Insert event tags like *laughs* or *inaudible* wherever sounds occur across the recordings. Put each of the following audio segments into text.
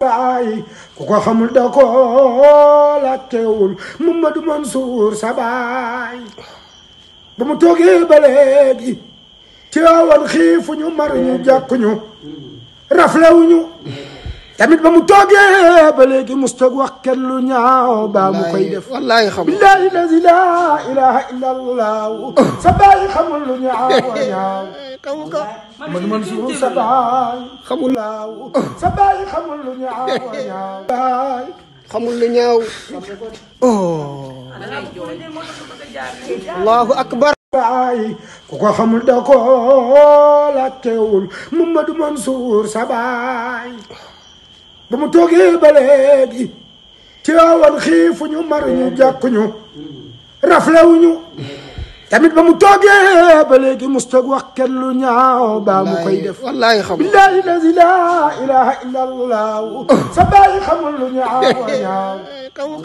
baay ku ko xamul da ko laajtewul Mamadou Mansour sa baay ba mu toogee ba léegi ci waawan xiifuñu maruñu jàkkuñu raflewuñu tamit ba mu toogee ba léegi mustag wax kenn lu ñaaw baa mu koy def wallaahi xam billaahi lazi laa ilaaha illallah sa baay xamul lu ñaaw ñaaw xamu ko man man suur sa baay xamul laaw sa baay xamul lu ñaaw ñaaw baay xamul lu ñaaw oh. allahu akbar baay ku ko xamul da ko la teewul Mamadou Mansour sa baay ba mu toogee ba léegi Tiwaawan xiifuñu maruñu jàkkuñu raflewuñu tamit ba mu toogee ba léegi mustag wax kenn lu ñaaw baa mu koy def wallaahi xamul billaahi lazi laa ilaaha illa allah sa baay xamul lu ñaaw ñaaw *laughs* xamu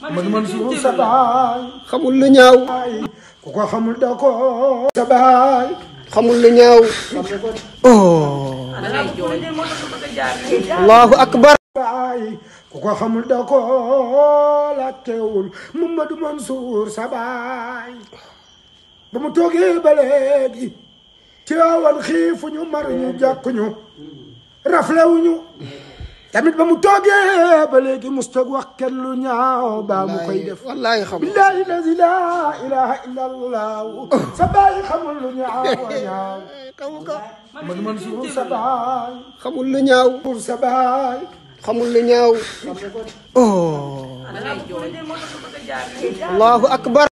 xamul lu ñaaw xamul da ko xamul oh. lu baay ku ko xamul da ko la teewul Mamadou Mansour sa baay ba mu toogee ba léegi ci waawan xiifuñu maruñu jàkkuñu raflewuñu tamit ba mu toogee ba léegi mustag wax kenn lu ñaaw baa mu koy def wallahi xamul billahi lazi la ilaha illa allah sa baay xamul *laughs* xamul lu ñaaw oh allahu akbar